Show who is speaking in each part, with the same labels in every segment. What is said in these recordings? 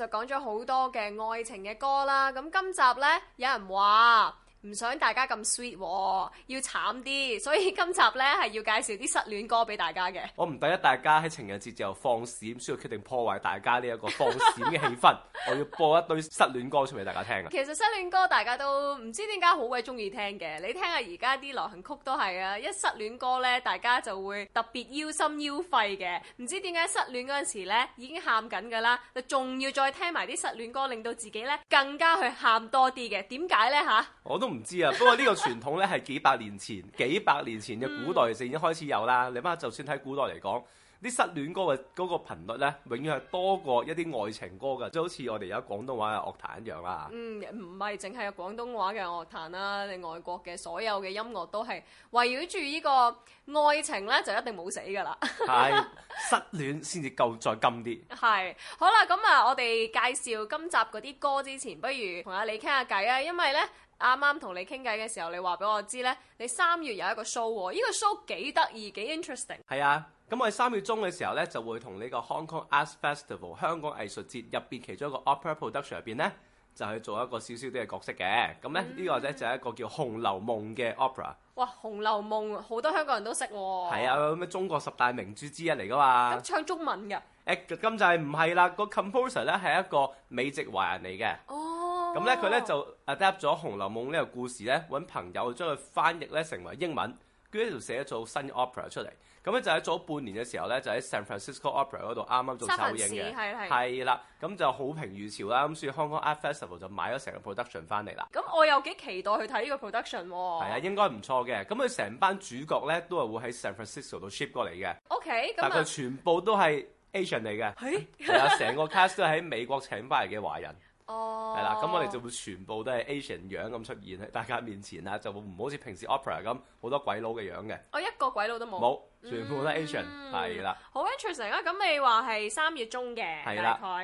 Speaker 1: 就講咗好多嘅愛情嘅歌啦，咁今集咧有人話。唔想大家咁 sweet 哦，要慘啲，所以今集呢係要介紹啲失戀歌俾大家嘅。
Speaker 2: 我唔介意，大家喺情人節就放閃，需要決定破壞大家呢一個放閃嘅氣氛。 我要播一堆失戀歌出嚟俾大家聽啊！其實
Speaker 1: 失戀歌大家都唔知點解好鬼中意聽嘅，你聽下而家啲流行曲都係啊！一失戀歌呢，大家就會特別腰心腰肺嘅。唔知點解失戀嗰陣時呢已經喊緊㗎啦，仲要再聽埋啲失戀歌，令到自己呢更加去喊多啲嘅。點解呢？吓。
Speaker 2: 我都。唔知啊，不過呢個傳統呢，係幾百年前、幾百年前嘅古代就已經開始有啦。你乜、嗯、就算喺古代嚟講，啲失戀歌嘅嗰個頻率呢，永遠係多過一啲愛情歌嘅，即係好似我哋而家廣東話嘅樂壇一樣啦。
Speaker 1: 嗯，唔係淨係廣東話嘅樂壇啦，你外國嘅所有嘅音樂都係圍繞住呢個愛情呢，就一定冇死㗎啦。
Speaker 2: 係失戀先至夠再金啲。
Speaker 1: 係好啦，咁啊，我哋介紹今集嗰啲歌之前，不如同阿你傾下偈啊，因為呢。啱啱同你傾偈嘅時候，你話俾我知呢，你三月有一個 show，呢個 show 幾得意幾 interesting。
Speaker 2: 係啊，咁我哋三月中嘅時候呢，就會同呢個 Hong Kong Arts Festival 香港藝術節入邊其中一個 opera production 入邊呢，就去做一個少少啲嘅角色嘅。咁呢，呢個呢，就係一個叫《紅樓夢》嘅 opera。
Speaker 1: 哇，《紅樓夢》好多香港人都識喎。
Speaker 2: 係啊，是啊中國十大名著之一嚟噶嘛？咁
Speaker 1: 唱中文㗎？
Speaker 2: 誒，咁就係唔係啦，個 composer 呢，係一個美籍華人嚟嘅。哦咁咧佢咧就 adapt 咗《紅樓夢》呢個故事咧，揾朋友將佢翻譯咧成為英文，跟住咧就寫咗做新嘅 opera 出嚟。咁咧就喺早半年嘅時候咧，就喺 San Francisco opera 嗰度啱啱做首映嘅，係啦。咁就好評如潮啦。咁所以香港 Art Festival 就買咗成個 production 翻嚟啦。
Speaker 1: 咁我又幾期待去睇呢個 production 喎、啊。係啊，
Speaker 2: 應該唔錯嘅。咁佢成班主角咧都係會喺 San Francisco 度 ship 過嚟嘅。
Speaker 1: O K，咁但佢全
Speaker 2: 部都係 Asian 嚟嘅，係啊，成個 cast 都係喺美國請翻嚟嘅華人。
Speaker 1: 哦，係啦、oh.，咁我哋就會
Speaker 2: 全部都係 Asian 樣咁出現，喺大家面前啊就會唔好似平時 Opera 咁好多鬼佬嘅樣嘅。
Speaker 1: 我一個鬼佬都冇。冇。全部都係 Asian 係啦，好 interesting 了啊！咁你話係三月中嘅，了大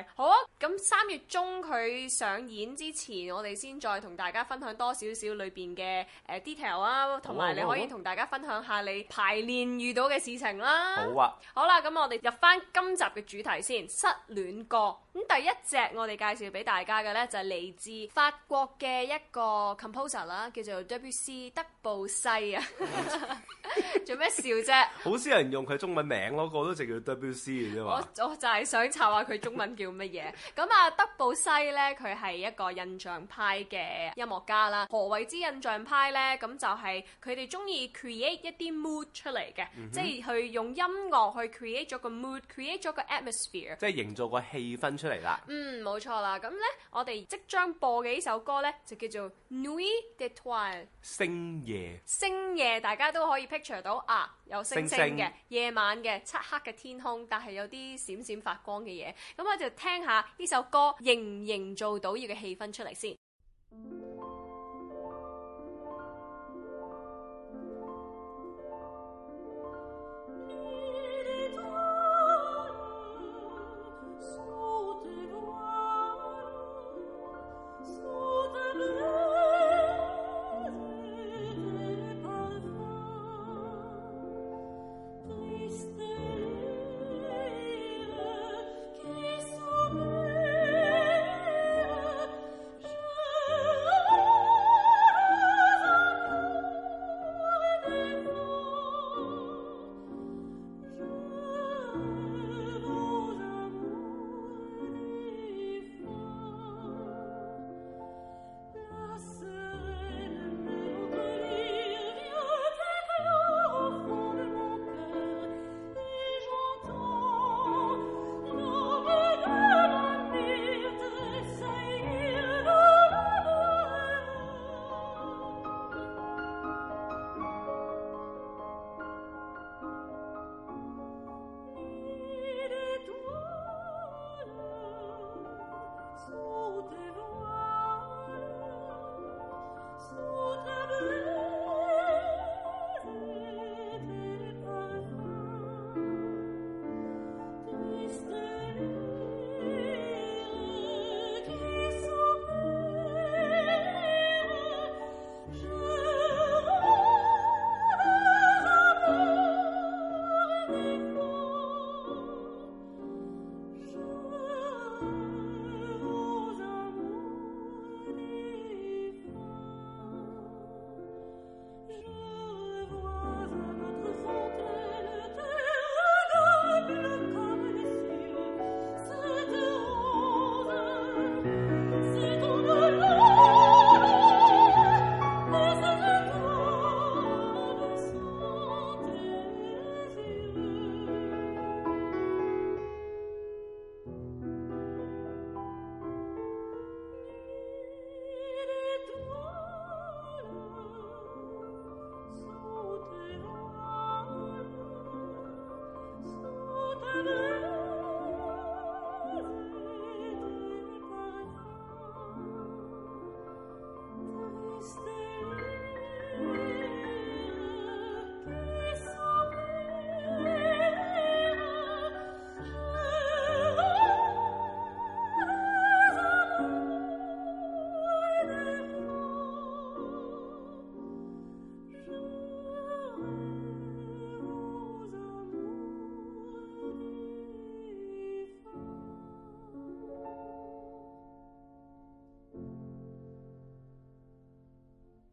Speaker 1: 概好啊。咁三月中佢上演之前，我哋先再同大家分享多少少裏邊嘅誒 detail 啊，同埋你可以同大家分享下你排練遇到嘅事情啦。好啊，好啦、啊，咁、啊啊、我哋入翻今集嘅主題先，失戀歌。咁第一隻我哋介紹俾大家嘅咧，就嚟、是、自法國嘅一個 composer 啦，叫做 W.C. 德布西啊。做咩笑啫、啊？
Speaker 2: 好少人用佢中文名咯，個都直叫 WC 嘅啫嘛。我我
Speaker 1: 就係想查下佢中文叫乜嘢。咁啊，德布西咧，佢係一個印象派嘅音樂家啦。何謂之印象派咧？咁就係佢哋中意 create 一啲 mood 出嚟嘅，即係去用音樂去 create 咗個 mood，create 咗個 atmosphere，即
Speaker 2: 係營造個氣氛出嚟啦。
Speaker 1: 嗯，冇錯啦。咁咧，我哋即將播嘅呢首歌咧，就叫做 Nuit d'Étoiles。
Speaker 2: 星夜。
Speaker 1: 星夜，大家都可以 picture 到啊！有星星嘅星夜晚嘅漆黑嘅天空，但係有啲閃閃發光嘅嘢。咁我就聽一下呢首歌，營唔營造到呢個氣氛出嚟先。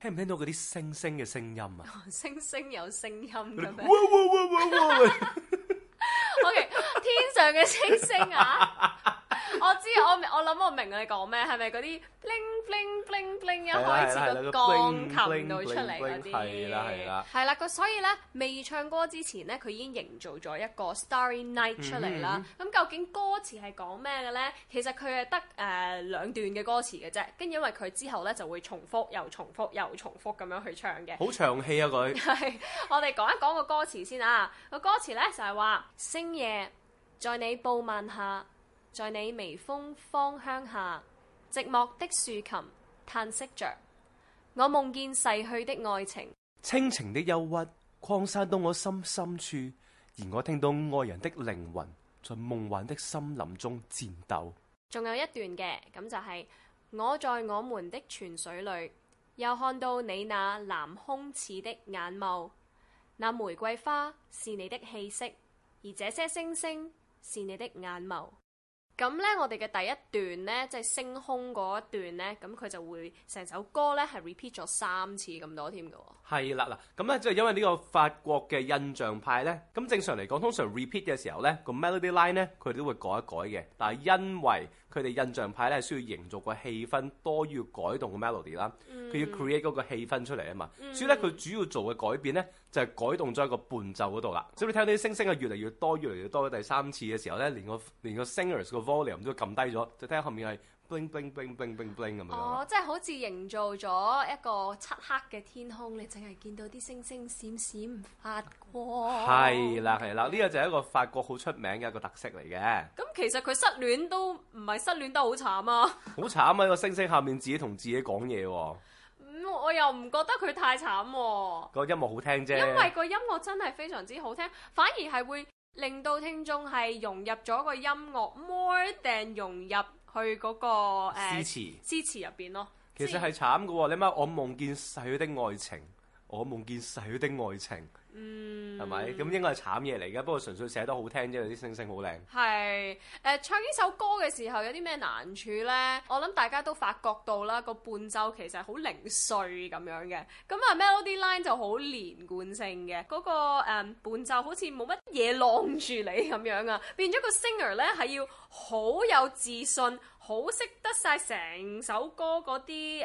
Speaker 2: 聽唔聽到嗰啲星星嘅聲音啊？
Speaker 1: 星星有聲音嘅咩？哇
Speaker 2: 哇哇哇哇
Speaker 1: ！OK，天上嘅星星啊！ 我知我我諗我明你講咩，係咪嗰啲 bling bling bling bling 的一開始個鋼琴度出嚟嗰啲？係啦，係啦，係啦，所以咧未唱歌之前咧，佢已經營造咗一個 Starry Night 出嚟啦。咁、嗯、哼究竟歌詞係講咩嘅咧？其實佢係得誒兩段嘅歌詞嘅啫，跟住因為佢之後咧就會重複又重複又重複咁樣去唱嘅。好
Speaker 2: 長氣啊佢！係
Speaker 1: 我哋講一講個歌詞先啊，個歌詞咧就係、是、話星夜在你布吻下。在你微風芳香下，寂寞的豎琴嘆息着。我夢見逝去的愛情，
Speaker 2: 清情的憂鬱擴散到我心深，深處，而我聽到愛人的靈魂在夢幻的森林中戰鬥。
Speaker 1: 仲有一段嘅咁就係、是、我在我們的泉水裡，又看到你那藍空似的眼眸。那玫瑰花是你的氣息，而這些星星是你的眼眸。咁咧，我哋嘅第一段咧，即係星空嗰一段咧，咁佢就會成首歌咧係 repeat 咗三次咁多添㗎喎。
Speaker 2: 係啦，嗱，咁咧即係因為呢個法國嘅印象派咧，咁正常嚟講，通常 repeat 嘅時候咧，個 melody line 咧佢哋都會改一改嘅，但係因為，佢哋印象派咧係需要營造個氣氛，多於要改動 melody 啦。佢、嗯、要 create 嗰個氣氛出嚟啊嘛。嗯、所以咧，佢主要做嘅改變咧就係、是、改動咗一個伴奏嗰度啦。所以你聽啲星星係，越嚟越多，越嚟越多。第三次嘅時候咧，連個連個 singers 個 volume 都撳低咗。再聽下後面係。冰冰冰冰冰冰咁樣咯，
Speaker 1: 哦，即係好似營造咗一個漆黑嘅天空，你淨係見到啲星星閃閃發光。係
Speaker 2: 啦係啦，呢個就係一個法國好出名嘅一個特色嚟嘅。
Speaker 1: 咁其實佢失戀都唔係失戀得好慘啊，
Speaker 2: 好慘啊！個星星下面自己同自己講嘢，我
Speaker 1: 又唔覺得佢太慘。
Speaker 2: 個音樂好聽啫，因為個
Speaker 1: 音樂真係非常之好聽，反而係會令到聽眾係融入咗個音樂，more than 融入。去嗰、那個誒詩詞詩詞入邊咯。其實係
Speaker 2: 慘嘅，你咪我夢見逝去的愛情，我夢見逝去的愛情。
Speaker 1: 嗯，係咪？咁應該
Speaker 2: 係慘嘢嚟嘅，不過純粹寫得好聽啫，有啲星星好靚。
Speaker 1: 係，誒、呃、唱呢首歌嘅時候有啲咩難處咧？我諗大家都發覺到啦，個伴奏其實好零碎咁樣嘅，咁啊 melody line 就好連貫性嘅，嗰、個、呃、伴奏好似冇乜嘢浪住你咁樣啊，變咗個 singer 咧係要好有自信。好識得晒成首歌嗰啲誒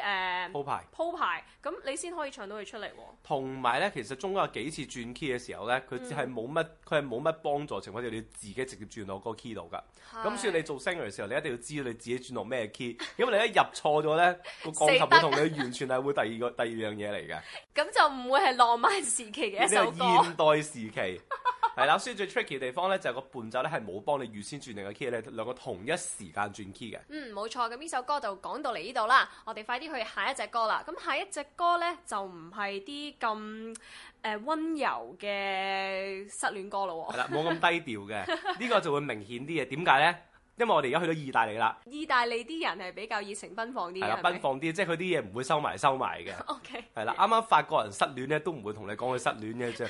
Speaker 1: 鋪排牌鋪排，咁你先可以唱到佢出嚟喎。
Speaker 2: 同埋咧，其實中間有幾次轉 key 嘅時候咧，佢只係冇乜，佢係冇乜幫助情況，你要你自己直接轉落個 key 度噶。咁是所以你做聲樂嘅時候，你一定要知道你自己轉落咩 key，是因為你一入錯咗咧，個 鋼琴同你完全係會第二個 第二樣嘢嚟嘅。
Speaker 1: 咁就唔會係浪漫時期嘅一首歌。現
Speaker 2: 代時期？ 係啦，所以最 tricky 嘅地方咧就係、是、個伴奏咧係冇幫你預先轉定個 key，你兩個同一時間轉 key 嘅。嗯，
Speaker 1: 冇錯，咁呢首歌就講到嚟呢度啦，我哋快啲去下一隻歌啦。咁下一隻歌咧就唔係啲咁誒溫柔嘅失戀歌咯。係啦，冇咁低
Speaker 2: 調嘅，呢 個就會明顯啲嘅。點解咧？因為我哋而家去到意大利啦，
Speaker 1: 意大利啲人係比較熱情奔放啲，係啦，奔
Speaker 2: 放啲，即係佢啲嘢唔會收埋收埋嘅。O K，係啦，啱啱法國人失戀咧都唔會同你講佢失戀嘅，即係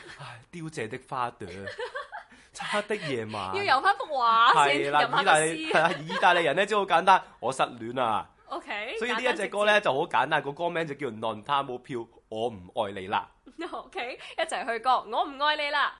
Speaker 2: 凋謝的花朵，漆黑的夜晚，要遊
Speaker 1: 翻幅畫。係啦，意大利係啦，意
Speaker 2: 大利人咧即係好簡單，我失戀啦。
Speaker 1: O K，所以呢一隻歌咧
Speaker 2: 就好簡單，個歌名就叫《Non ti amo più》，我唔愛你啦。
Speaker 1: O K，一齊去歌，我唔愛你啦。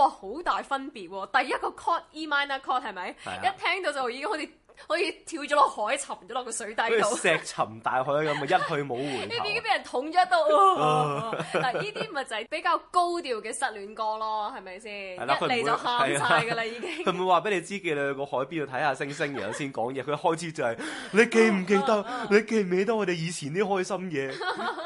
Speaker 1: 哇，好大分別第一個 chord E Minor chord 係咪？的一聽到就已經好似。可以跳咗落海，沉咗落個水底度，石
Speaker 2: 沉大海咁啊，一去冇回頭。呢邊已
Speaker 1: 經俾人捅咗一刀。嗱，呢啲咪就係比較高調嘅失戀歌咯，係咪先？一嚟就喊晒㗎啦，已經。佢
Speaker 2: 唔會話俾你知嘅，你去個海邊度睇下星星，然後先講嘢。佢開始就係：你記唔記得？你記唔記得我哋以前啲開心嘢？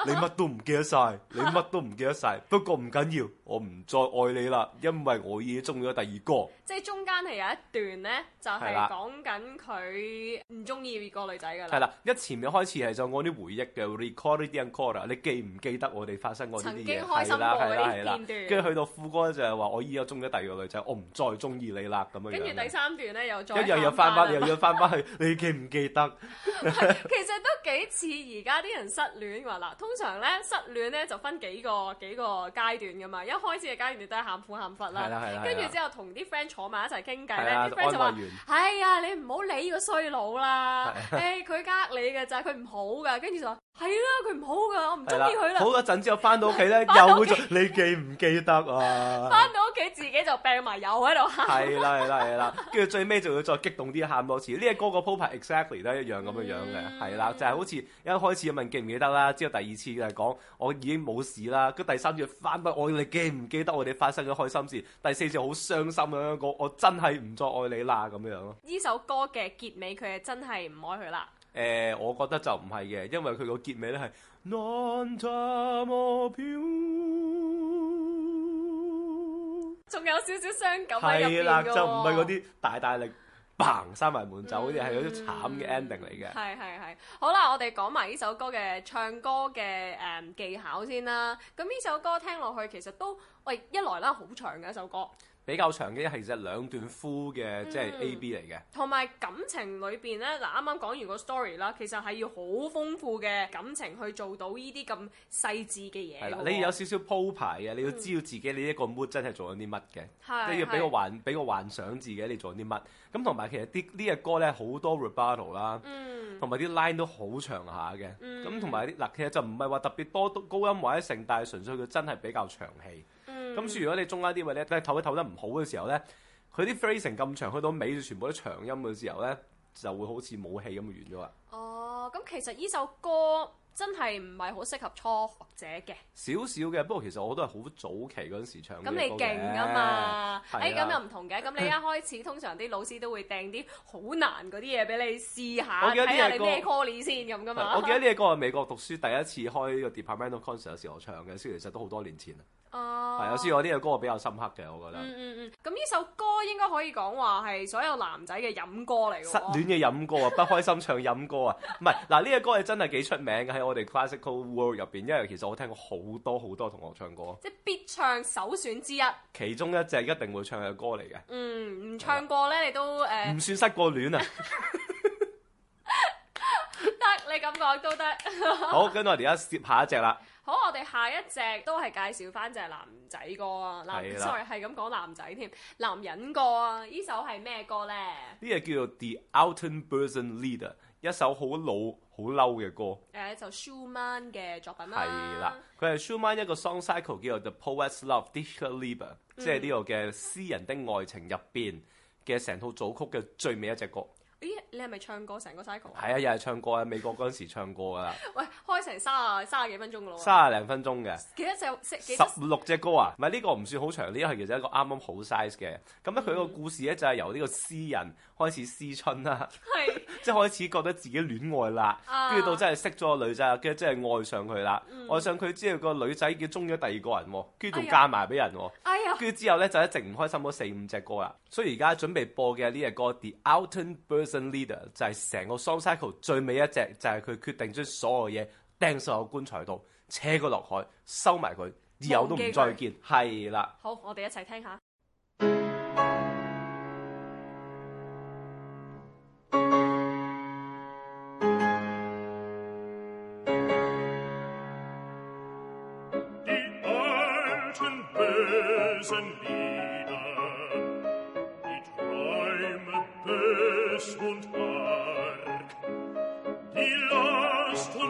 Speaker 3: 你乜
Speaker 2: 都唔記得晒，你乜都唔記得晒。不過唔緊要，我唔再愛你啦，因為我已經中咗第二個。
Speaker 1: 即係中間係有一段咧，就係講緊佢。佢唔中意個女仔㗎啦。係啦，
Speaker 2: 一前面開始係就我啲回憶嘅 recording and call 啊，你記唔記得我哋發生過呢啲嘢？曾經開心過嗰啲片段。跟住去到副歌就係話：我依家中咗第二個女仔，我唔再中意你啦咁樣。跟住第
Speaker 1: 三段咧又再。又要又翻返，又要翻返去，你
Speaker 2: 記唔記得？
Speaker 1: 其實都幾似而家啲人失戀話啦，通常咧失戀咧就分幾個幾個階段㗎嘛。一開始嘅階段都係喊苦喊屈啦。係啦係啦。跟住之後同啲 friend 坐埋一齊傾偈咧，啲 friend 就話：係啊，你唔好理。衰佬啦，誒，佢呃你嘅咋，佢唔好噶，跟住就。係啦，佢唔好噶，我唔中意佢啦。好多
Speaker 2: 陣之後翻到屋企咧，又會做， 你記唔記得啊？
Speaker 1: 翻到屋企自己就病埋，又喺度喊。係啦，
Speaker 2: 係啦，係啦。跟住最尾就要再激動啲喊多次，呢個歌嘅鋪排 exactly 都一樣咁樣樣嘅。係啦、嗯，就係、是、好似一開始問記唔記得啦，之後第二次就係講我已經冇事啦。跟第三次翻翻，我你記唔記得我哋發生咗開心事？第四次好傷心咁樣講，我真係唔再愛你啦咁樣咯。
Speaker 1: 呢首歌嘅結尾，佢係真係唔愛佢啦。
Speaker 2: 誒、呃，我覺得就唔係嘅，因為佢個結尾咧係，仲有少少
Speaker 1: 傷感喺入邊嘅喎。係啦，就唔係嗰啲
Speaker 2: 大大力嘭，閂埋門走嗰啲，係嗰啲慘嘅 ending 嚟嘅。係
Speaker 1: 係係，好啦，我哋講埋呢首歌嘅唱歌嘅誒、嗯、技巧先啦。咁呢首歌聽落去其實都，喂，一來啦，好長嘅一首歌。
Speaker 2: 比較長嘅，一係其實兩段 full 嘅，即係 A、嗯、B 嚟嘅，
Speaker 1: 同埋感情裏邊咧，嗱，啱啱講完個 story 啦，其實係要好豐富嘅感情去做到呢啲咁細緻嘅嘢、哦。係啦，你要有
Speaker 2: 少少鋪排嘅，你要知道自己你一個 mood、嗯、真係做緊啲乜嘅，都是要俾個幻俾個幻想自己你做緊啲乜。咁同埋其實啲呢隻歌咧好多 rebuttal 啦，同埋啲 line 都好長下嘅。咁同埋啲嗱，其實就唔係話特別多高音或者盛，但係純粹佢真係比較長氣。咁、嗯、如果你中拉中間啲位咧，你唞一唞得唔好嘅時候咧，佢啲 phrase 成咁長，去到尾就全部都長音嘅時候咧，就會好似冇氣咁完咗啦。哦、
Speaker 1: 啊，咁其實呢首歌，真係唔係好適合初學者嘅，
Speaker 2: 少少嘅。不過其實我都係好早期嗰陣時候唱歌嘅。咁你勁啊嘛！誒咁的、哎、又唔
Speaker 1: 同嘅。咁你一開始 通常啲老師都會掟啲好難嗰啲嘢俾你試下，睇下你咩 callie 先咁噶嘛？ 我記得呢隻
Speaker 2: 歌係美國讀書第一次開個 departmental concert 嘅時候我唱嘅，所以其實都好多年前啦。
Speaker 1: 哦，係啊，所以
Speaker 2: 我呢隻歌比較深刻嘅，我覺得。嗯嗯
Speaker 1: 嗯。咁、嗯、呢、嗯、首歌應該可以講話係所有男仔嘅飲歌嚟。失
Speaker 2: 戀嘅飲歌啊，不開心唱飲歌啊，唔係。嗱，呢隻歌係真係幾出名嘅喺。我哋 classical world 入邊，因為其實我聽過好多好多同學唱歌，即係
Speaker 1: 必唱首選之一，
Speaker 2: 其中一隻一定會唱嘅歌嚟嘅。
Speaker 1: 嗯，唔唱過咧，吧你都誒，唔、uh,
Speaker 2: 算失過戀啊，
Speaker 1: 得你咁講都得。 好，
Speaker 2: 跟住我哋而家接下一隻啦。
Speaker 1: 好，我哋下一隻都係介紹翻隻男仔歌啊，男了 sorry 係咁講男仔添，男人歌啊，首歌呢首係咩歌咧？
Speaker 2: 呢個叫做 The o u t e、er、n p e r s o n Leader，一首好老。好嬲嘅歌，
Speaker 1: 誒就舒曼嘅作品啦，係
Speaker 2: 啦，佢係舒曼一個 song cycle 叫做 The Poet's Love, Dichterliebe，、嗯、即係呢個嘅詩人的愛情入邊嘅成套組曲嘅最尾一隻歌。
Speaker 1: 咦、欸，你係咪唱過成個 cycle？係啊，
Speaker 2: 又係、啊、唱過啊，美國嗰陣時唱過噶啦。 喂成三啊三啊幾分鐘咯，三啊零
Speaker 1: 分鐘
Speaker 2: 嘅，幾多隻？十五六隻歌啊？唔係，呢個唔算好長，呢、這個其實一個啱啱好 size 嘅。咁咧佢個故事咧就係、是、由呢個詩人開始思春啦，係是，即係、就是、開始覺得自己戀愛啦，跟住到真係識咗個女仔，跟住真係愛上佢啦。愛、嗯、上佢之後個女仔叫中咗第二個人，跟住仲嫁埋俾人，哎呀呦！跟住之後咧就一直唔開心嗰四五隻歌啦。所以而家準備播嘅呢隻歌《Die alten bösen Lieder》就係、是、成個 Song Cycle 最尾一隻，就係、是、佢決定將所有嘢。掟曬個棺材度，扯佢落海，收埋佢，以後都唔再見，係啦。的
Speaker 1: 好，我哋一齊聽下。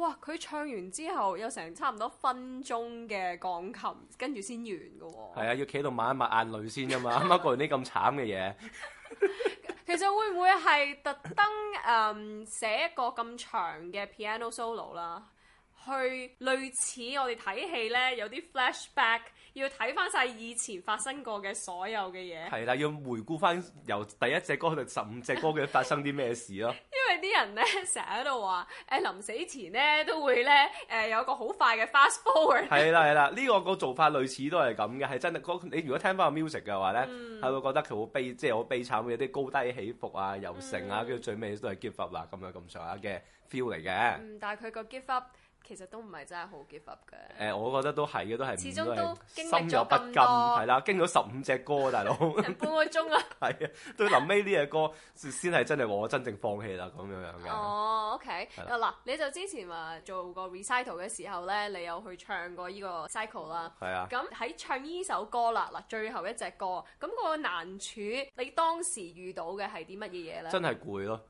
Speaker 1: 哇！佢唱完之後有成差唔多分鐘嘅鋼琴，跟住先完㗎喎、
Speaker 2: 哦。係啊，要企度抹一抹眼淚先㗎嘛，啱啱過完啲咁慘嘅嘢。
Speaker 1: 其實會唔會係特登誒寫一個咁長嘅 piano solo 啦，去類似我哋睇戲呢，有啲 flashback？要睇翻晒以前發生過嘅所有嘅嘢，係
Speaker 2: 啦，要回顧翻由第一隻歌到十五隻歌嘅發生啲咩事咯。
Speaker 1: 因為啲人咧成日喺度話，誒、呃、臨死前咧都會咧誒、呃、有個好快嘅 fast forward。係
Speaker 2: 啦係啦，呢、呢個個做法類似都係咁嘅，係真係。你如果聽翻個 music 嘅話咧，係、嗯、會覺得佢好悲，即係好悲慘有啲高低起伏啊、柔情啊，跟住、嗯、最尾都係 give up 啦、啊，咁樣咁上下嘅 feel 嚟嘅。嗯，
Speaker 1: 但係佢個 give up。其實都唔係真係好結實嘅。
Speaker 2: 誒、嗯，我覺得都係嘅，都係。始終都經咗不禁，係啦，經咗十五隻歌，大佬。
Speaker 1: 半個鐘啦。
Speaker 2: 係啊， 對臨尾呢隻歌先係真係我真正放棄啦，咁樣樣
Speaker 1: 嘅。哦，OK 了。嗱，你就之前話做個 recital 嘅時候咧，你有去唱過呢個 cycle 啦。係啊。咁喺唱呢首歌啦，嗱最後一隻歌，咁嗰個難處，你當時遇到嘅係啲乜嘢嘢咧？真
Speaker 2: 係攰咯。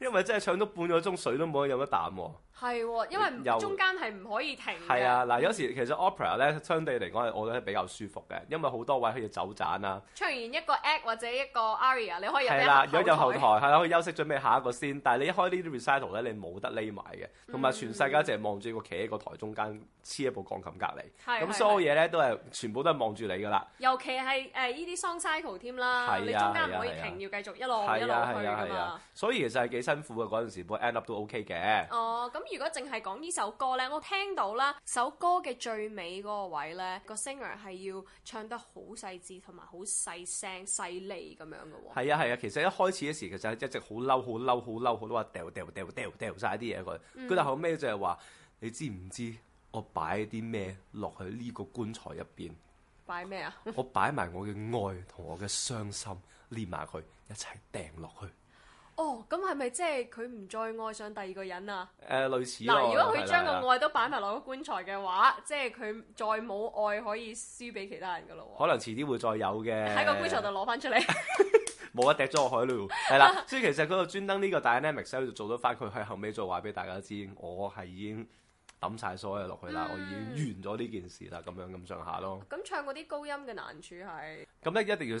Speaker 2: 因為真係唱到半個鐘，水都冇得飲得啖。
Speaker 1: 係喎，因為中間係唔可以停。係啊，
Speaker 2: 嗱，有時其實 opera 咧相對嚟講，係我覺得比較舒服嘅，因為好多位可以走盞啊。
Speaker 1: 唱完一個 act 或者一個 aria，你可以入。係啦，如果有後台
Speaker 2: 係啦，可以休息準備下一個先。但係你一開呢啲 recital 咧，你冇得匿埋嘅，同埋全世界淨係望住一個企喺個台中間黐一部鋼琴隔籬，咁所有嘢咧都係全部都係望住你噶啦。
Speaker 1: 尤其係誒呢啲 song cycle 添啦，你中間唔可以停，要繼續一路一路去噶
Speaker 2: 所以其實係幾辛苦嘅嗰陣時，不過 end up 都 OK 嘅。
Speaker 1: 哦，咁如果淨係講呢首歌咧，我聽到啦，首歌嘅最尾嗰個位咧，個 singer 係要唱得好細緻同埋好細聲、細膩咁樣嘅。哦。喎、啊，係
Speaker 2: 啊係啊，其實一開始嘅時其實一直好嬲、好嬲、好嬲，好多話掉掉掉掉掉晒啲嘢佢。佢但後尾就係話，嗯、你知唔知我擺啲咩落去呢個棺材入邊？
Speaker 1: 擺咩啊？ 我
Speaker 2: 擺埋我嘅愛同我嘅傷心，連埋佢一齊掟落去。
Speaker 1: 哦，咁係咪即係佢唔再愛上第二個人啊？
Speaker 2: 誒、呃，類似嗱，如果佢將個愛
Speaker 1: 都擺埋落個棺材嘅話，即係佢再冇愛可以輸俾其他人噶咯。
Speaker 2: 可能遲啲會再有嘅。喺個棺材度攞翻出嚟，冇得抌咗落海咯。係啦，所以其實嗰度專登呢個 dynamics 就做咗翻，佢喺後尾再話俾大家知，我係已經抌晒所有落去啦，嗯、我已經完咗呢件事啦，咁樣咁上下咯。
Speaker 1: 咁唱嗰啲高音嘅難處係？
Speaker 2: 咁咧一定要。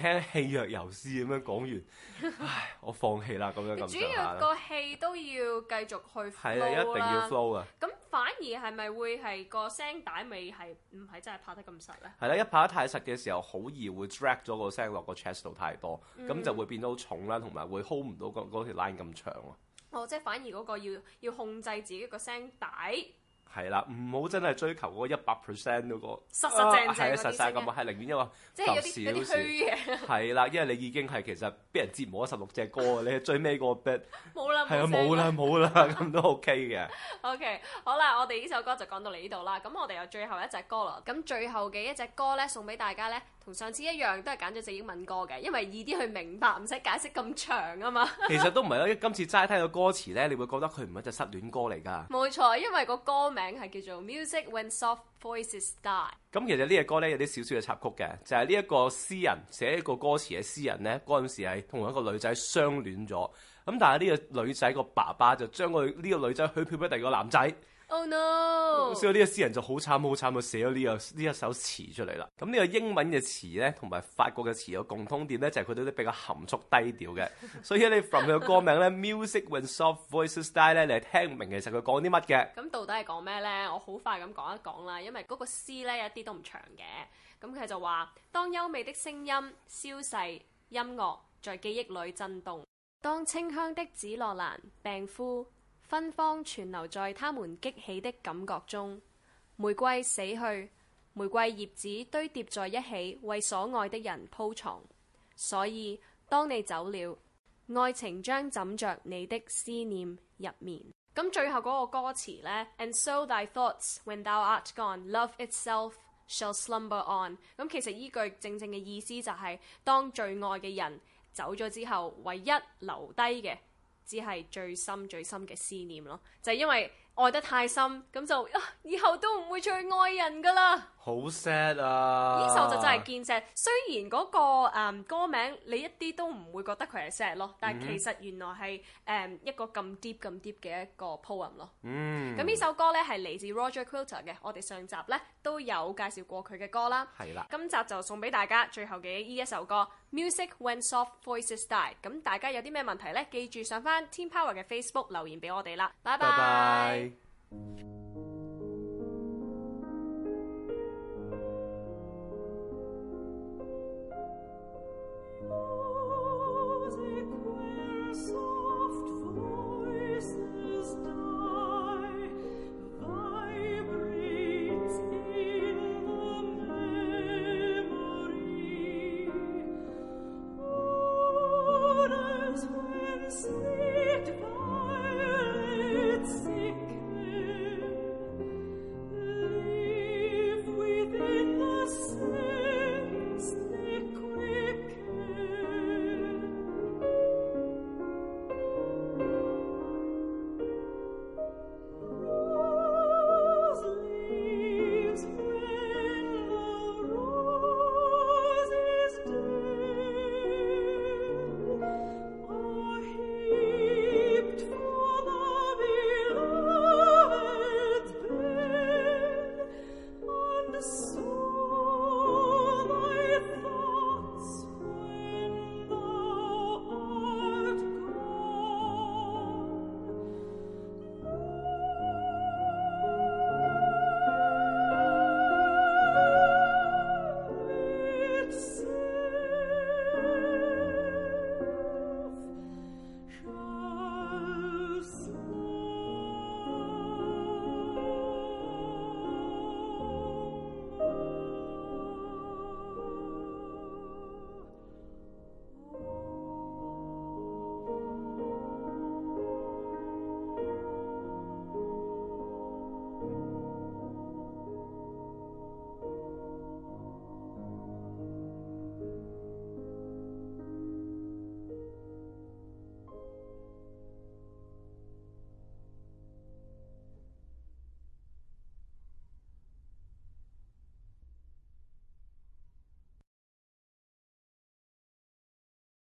Speaker 2: 聽氣若游絲咁樣講完，唉，我放棄啦。咁樣咁上 主要個
Speaker 1: 氣都要繼續去，一定要 flow 啦啊。咁反而係咪會係個聲帶未係唔係真係拍得咁實咧？
Speaker 2: 係啦，一拍得太實嘅時候，好易會 drag 咗個聲落個 chest 度太多，咁、嗯、就會變到重啦，同埋會 hold 唔到個條 line 咁長啊。
Speaker 1: 哦，即係反而嗰個要要控制自己的個聲帶。
Speaker 2: 係啦，唔好真係追求嗰一百 percent 嗰個，實實正正嘅啊，實曬咁啊，係寧願因為即係有啲少虛嘅。係啦，因為你已經係其實俾人折磨咗十六隻歌， 你係最尾個 bit。
Speaker 1: 冇啦，冇啦，冇
Speaker 2: 啦，咁都 OK 嘅。
Speaker 1: OK，好啦，我哋呢首歌就講到嚟呢度啦。咁我哋有最後一隻歌啦。咁最後嘅一隻歌咧，送俾大家咧。同上次一樣，都係揀咗隻英文歌嘅，因為易啲去明白，唔使解釋咁長啊嘛。 其實
Speaker 2: 都唔係咯，今次齋聽個歌詞呢，你會覺得佢唔係一隻失戀歌嚟㗎。冇
Speaker 1: 錯，因為個歌名係叫做《Music When Soft Voices Die》嗯。
Speaker 2: 咁其實呢隻歌呢，有啲少少嘅插曲嘅，就係呢一個詩人寫一個歌詞嘅詩人呢，嗰陣時係同一個女仔相戀咗。咁、嗯、但係呢個女仔個爸爸就將佢，呢個女仔去配俾第二個男仔。
Speaker 1: Oh，no，所以
Speaker 2: 呢個詩人就好慘好慘，就寫咗呢個呢一首詞出嚟啦。咁、這、呢個英文嘅詞咧，同埋法國嘅詞有共通點咧，就係、是、佢都比較含蓄低調嘅。 所以你 from 佢嘅歌名咧 ，Music when soft voices die 咧，你係聽唔明其實佢講啲乜嘅。
Speaker 1: 咁到底係講咩咧？我好快咁講一講啦，因為嗰個詩咧一啲都唔長嘅。咁佢就話：當優美的聲音消逝，音樂在記憶裏震動；當清香的紫羅蘭病夫。」芬芳存留在他們激起的感覺中，玫瑰死去，玫瑰葉子堆疊在一起為所愛的人鋪床，所以當你走了，愛情將枕着你的思念入面。咁最後嗰個歌詞呢 And so thy thoughts when thou art gone, love itself shall slumber on。咁其實依句正正嘅意思就係、是，當最愛嘅人走咗之後，唯一留低嘅。只係最深最深嘅思念咯，就係因為愛得太深，咁就啊，以後都唔會再愛人噶啦。
Speaker 2: 好 sad 啊！呢首就真係見
Speaker 1: 石，雖然嗰個誒歌名你一啲都唔會覺得佢係 sad 咯，但係其實原來係誒一個咁 deep 咁 deep 嘅一個 poem 咯。嗯。
Speaker 3: 咁呢首
Speaker 1: 歌呢，係嚟自 Roger Quilter 嘅，我哋上集呢都有介紹過佢嘅歌啦。係啦。今集就送俾大家最後嘅呢一首歌 Music When Soft Voices Die。咁大家有啲咩問題呢？記住上翻 Team Power 嘅 Facebook 留言俾我哋啦。Bye bye 拜拜。